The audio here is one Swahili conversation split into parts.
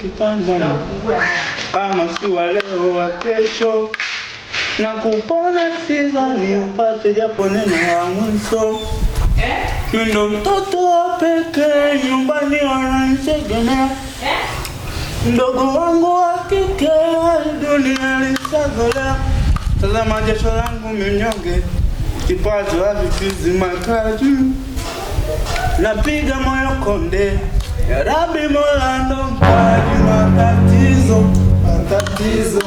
kipanda kama si wa leo wa kesho, na kupona sidhani upate japo neno la mwisho. Mimi ndo mtoto wa pekee nyumbani, wananitegemea mdogo wangu wa kike, dunia lishazolea. Tazama jasho langu mnyonge, kipato havikizi makaju, napiga moyo konde ya Rabbi Mola ndo mpaji matatizo, matatizo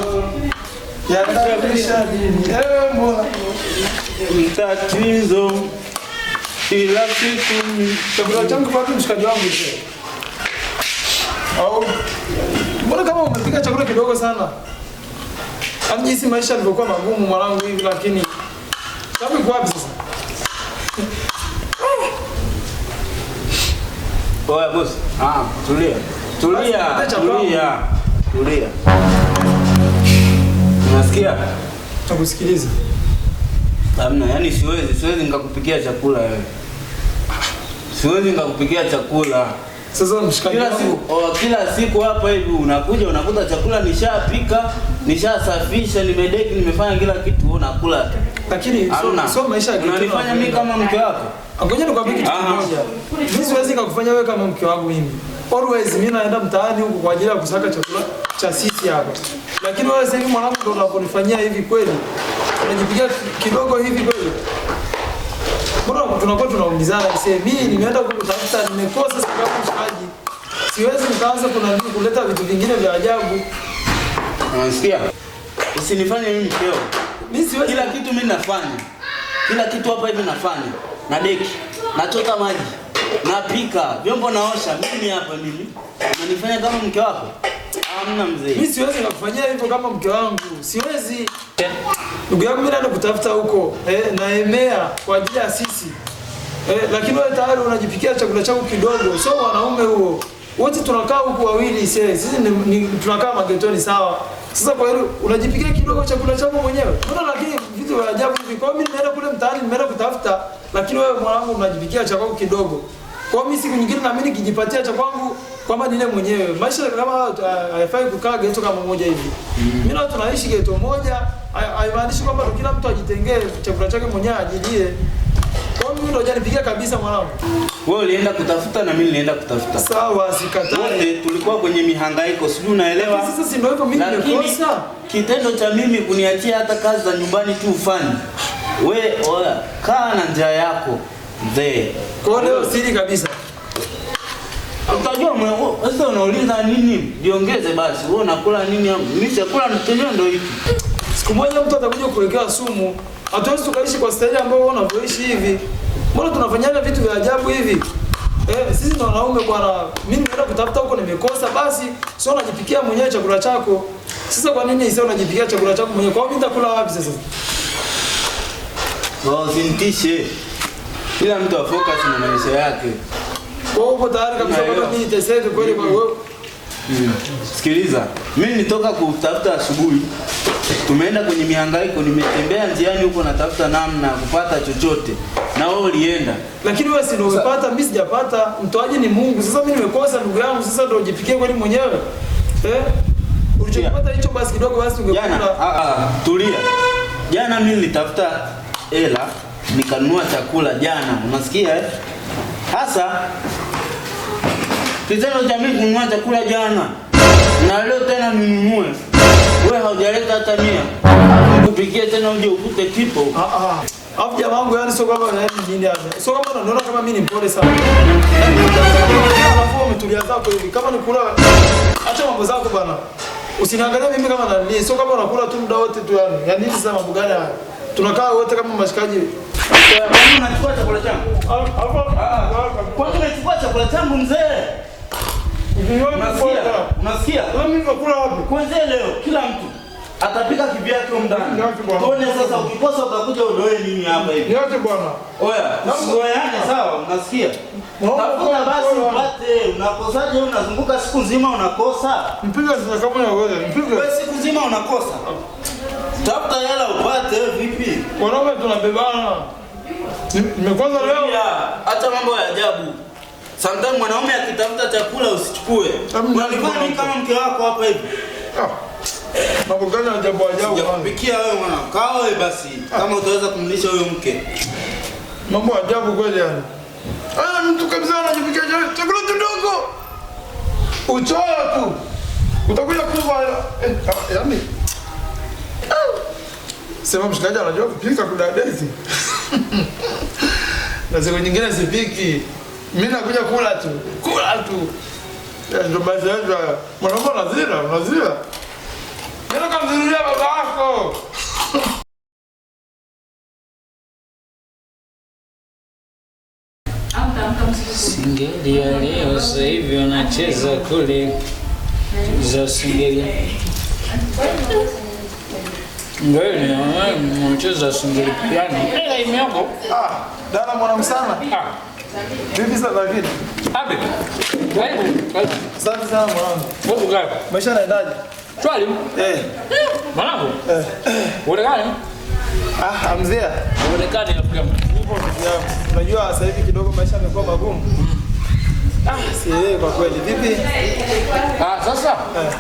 yataisha lini? Ewe Mola tatizo kila siku. Chakula changu kwa mshikaji wangu au mbona kama umepika chakula kidogo sana? Amjisi maisha yalivyokuwa magumu mwanangu hivi, lakini sababu iko sasa? Oya bosi. Ah, tulia. Tulia. Tulia. Tulia. Unasikia? Nakusikiliza. Hamna, yani siwezi, siwezi nikakupikia chakula wewe. Siwezi nikakupikia chakula. Sasa mshikaji kila siku, oh, kila siku hapa hivi unakuja unakuta chakula nishapika, nishasafisha, nimedeki, nimefanya kila kitu, unakula. Lakini sio maisha ya Unanifanya mimi kama mke wako. Ah, ngoja nikwambie kitu kimoja. Mimi siwezi kukufanya wewe kama mke wangu mimi. Always mimi naenda mtaani huko kwa ajili ya kusaka chakula cha sisi hapa. Lakini wewe sasa hivi mwanangu ndio unaponifanyia hivi kweli. Unajipigia kidogo hivi kweli. Bora tunakuwa tunaumizana sasa? Mimi nimeenda kutafuta nimekosa sababu shaji. Siwezi nikaanza kuna nini kuleta vitu vingine vya ajabu. Unasikia? Usinifanye mimi mkeo. Mimi siwezi kila kitu mimi nafanya kila kitu hapa hivi nafanya, na deki, nachota maji, napika vyombo, naosha. Mimi hapa mimi unanifanya kama mke wako? Hamna mzee, mimi siwezi kufanyia hivyo kama mke wangu, siwezi eh? ndugu yangu. Mimi nakutafuta huko eh, naemea kwa ajili ya sisi eh, lakini wewe tayari unajipikia chakula chako kidogo. sio wanaume huo wote tunakaa huku wawili, sasa. sisi ni, ni tunakaa magetoni, sawa? Sasa kwa hiyo unajipikia kidogo chakula chako mwenyewe, unaona lakini vitu vya ajabu hivi. Kwa mimi nimeenda kule mtaani, nimeenda kutafuta, lakini wewe mwanangu unajipikia cha kwangu kidogo. Kwa mimi siku nyingine na mimi nikijipatia cha kwangu kwamba nile mwenyewe. Maisha kama haifai kukaa ghetto kama moja hivi. Mm. Mimi na tunaishi ghetto moja, haimaanishi kwamba kila mtu ajitengee chakula chake mwenyewe ajilie. Kwa mimi ndio janipikia kabisa mwanangu. Wewe ulienda kutafuta na mimi nilienda kutafuta. Sawa, sikatai. Wote tulikuwa kwenye mihangaiko, sijui unaelewa. Sasa si ndio hivyo mimi nimekosa. Kitendo cha mimi kuniachia hata kazi za nyumbani tu ufanye. Wewe kaa na njia yako. Mzee. Kwa leo siri kabisa. Utajua mwenyewe. Sasa unauliza nini? Jiongeze basi. Wewe unakula nini? Mimi chakula nitenyo ndio hiki. Siku moja mtu atakuja kuwekea sumu. Hatuwezi tukaishi kwa staili ambayo wewe unavyoishi hivi. Mbona tunafanyaga vitu vya ajabu hivi? Eh, sisi ndo wanaume bwana. Mimi nimeenda kutafuta huko nimekosa, basi sio unajipikia mwenyewe chakula chako. Sasa kwa nini sio unajipikia chakula chako mwenyewe? Kwa nini nitakula wapi sasa? usintishe, Kila mtu afocus na maisha yake. Kwa hiyo tayari kabisa kwa nini niteseke kweli kwa wewe. Sikiliza, mimi nitoka kutafuta asubuhi, tumeenda kwenye mihangaiko, nimetembea njiani huko natafuta namna ya kupata chochote, na wewe ulienda. Lakini wewe si ndio mimi sijapata. Mtoaji ni Mungu. Sasa mimi nimekosa, ndugu yangu, sasa ndio jipikie kweli mwenyewe eh? Ulichopata hicho basi kidogo, basi ungekula. Ah, ah, tulia. Jana mimi nilitafuta hela nikanunua chakula jana, unasikia eh? Sasa Kitendo cha mimi kununua chakula jana na leo tena ninunue, wewe haujaleta hata mia, kupikia tena uje ukute kipo. Ah, ah. Afu jamaa wangu, yani sio kama unaenda mjini hapa, sio kama unaona kama mimi ni mpole sana. Alafu umetulia zako hivi, kama ni kula, acha mambo zako bwana, usiniangalie mimi kama nani, sio kama unakula tu muda wote tu yani. Yani hizi za mambo gani Tunakaa wote kama mashikaji. Kwa eh, nini unachukua chakula changu? Ah, Kwa nini unachukua chakula changu mzee? Unasikia? Kuanzia leo kila mtu atapika kivyake huko ndani. Tuone sasa ukikosa utakuja udoe nini hapa hivi. Yote bwana. Oya, usigoyane sawa, unasikia? Tafuta basi upate, unakosaje unazunguka siku nzima unakosa? Mpige sasa kama unaweza, mpige. Wewe siku nzima unakosa. Tafuta hela upate eh, vipi? Wanaume tunabebana. Nimekwanza leo. Acha mambo ya ajabu. Sometimes mwanaume akitafuta cha achukue. Kama mke wako hapa hivi. Ah, mambo gani ya ajabu ajabu? Kupikia wewe mwanangu. Kaa wewe basi ah. kama utaweza kumlisha huyo mke. Mambo ajabu kweli yani. Ana ah, mtu kabisa anajipikia chakula kidogo. Uchoyo tu. Utakuja kufa. Eh, yaani. Sema mshikaji anajua kupika kudadezi. Na siku nyingine sipiki. Mimi nakuja kula tu. Kula tu ndio basi ndio eh, mwanamke nazira nazira ndio kamzuria baba yako Singelia leo sasa hivi wanacheza kule za singelia ngeli eh, mcheza singeli piano eh, ila imeoko mwanamsana ah Vipi sasa na vipi? Abi. Karibu. sana mwanangu. Wewe uko Maisha yanaendaje? Shwari. Eh. Mwanangu. Eh. Unaonekana? Ah, amzia. Unaonekana Afrika. Upo ndugu yangu. Unajua sasa hivi kidogo maisha yamekuwa magumu. Ah, sielewi kwa kweli. Vipi? Ah, sasa. Eh.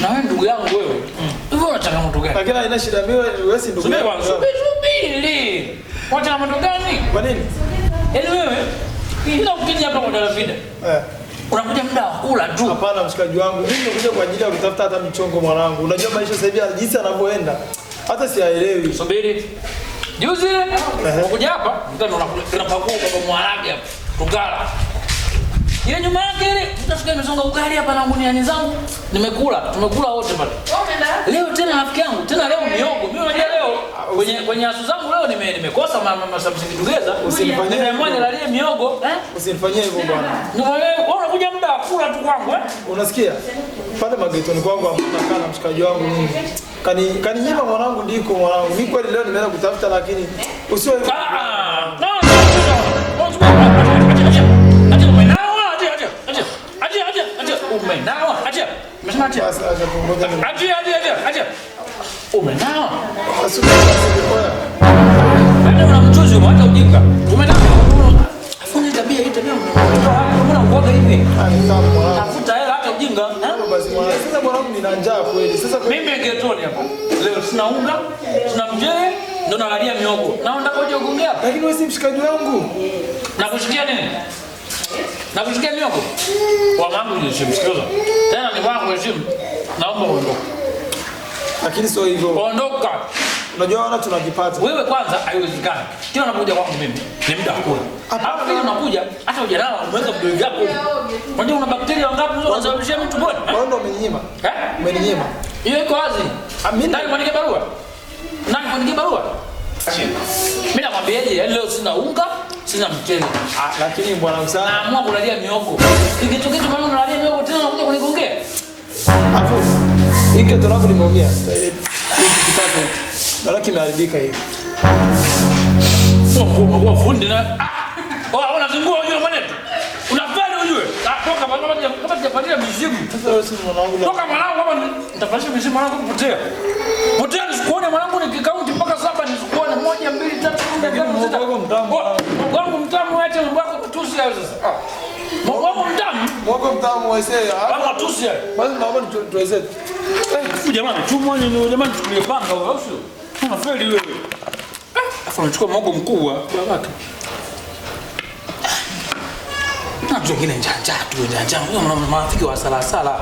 Na wewe ndugu yangu wewe. Hivi unataka mtu gani? Lakini haina shida mimi wewe si ndugu yangu. Subiri, subiri. Unataka mtu gani? Kwa nini? Yaani wewe bila ukija hapa kwa David. Eh. Unakuja muda wa kula tu. Hapana mshikaji wangu, mimi nimekuja kwa ajili ya kutafuta hata michongo mwanangu. Unajua maisha sasa hivi jinsi anavyoenda. Hata siaelewi. Subiri. Juzi ile unakuja hapa, mtani unapakua kwa mwarabu hapa. Tugala. Ile nyuma yake ile mtafika imezonga ugali hapa na nguniani zangu. Nimekula, tumekula wote pale. Leo tena rafiki yangu, tena leo miogo. Mimi unajua leo ah, kwenye kwenye asu sababu leo nime nimekosa msingidugeza, usinifanyie mwana lalie miogo eh, usinifanyie hivyo bwana. Wewe unakuja muda wa kula tu kwangu eh, unasikia pale ni kwangu amna kana mshikaji wangu mimi kani kaninyima mwanangu, ndiko mwanangu, mimi kweli leo nimeenda kutafuta, lakini usio hivyo ah, ah. Umenawa, achia. Umesema achia. Achia, achia, achia. Umenawa baada yaani una mchuzi umewacha ujinga, umenawa afanye tabia hii tabia mbona ukoga hivi? Tafuta hela hata ujinga. Eh? Sasa mwanangu, nina njaa kweli. Sasa mimi getoni hapa leo sina unga, sina mchele, ndo nalalia miogo. Naenda koje ugongea? Lakini wewe si mshikaji wangu. Nakushikia nini? Nakushikia miogo. Kwa mamangu nisimsikiza. Tena ni bwana kuheshimu. Naomba uondoke lakini sio hivyo. Ondoka. Unajua wana tunajipata. Wewe kwanza haiwezekani. Kila anakuja kwangu mimi ni muda wa kula. Hapa kila unakuja hata hujalala unaweza kudoi gapo. Unajua una bakteria wangapi unasababishia mtu bodi? Wewe ndio umenyima. Eh? Umenyima. Hiyo iko wazi. Ah, mimi ndio kuandika barua. Nani kuandika barua? Mimi nakwambiaje, yaani leo sina unga, sina mchele. Ah, lakini bwana msana. Naamua kulalia mioko. Kitu kitu mimi nalalia mioko tena unakuja kunigongea. Hapo. Hiki ndo langu limeumia. Ndio kimeharibika hivi. Kwa fundi na Oh, unazungua ujue mwanetu. Unafanya ujue. Toka mwanangu kama nitafatia mizimu. Sasa wewe si mwanangu. Toka mwanangu kama nitafatia mizimu mwanangu kupotea. Potea nisikuone mwanangu nikikaunti mpaka saba nisikuone moja mbili tatu nne tano sita. Wangu mtamu acha wako tusi hayo sasa. Ah. Wangu mtamu. Wangu mtamu waisee. Wangu tusi. Basi naomba tuwezee. Huyu jamaa anatumwa nini? Huyu jamaa panga wewe au sio? Unafeli wewe. Afu unachukua mwogo mkubwa babake. Na mtu mwingine njanja tu njanja. Huyo marafiki wa sala sala.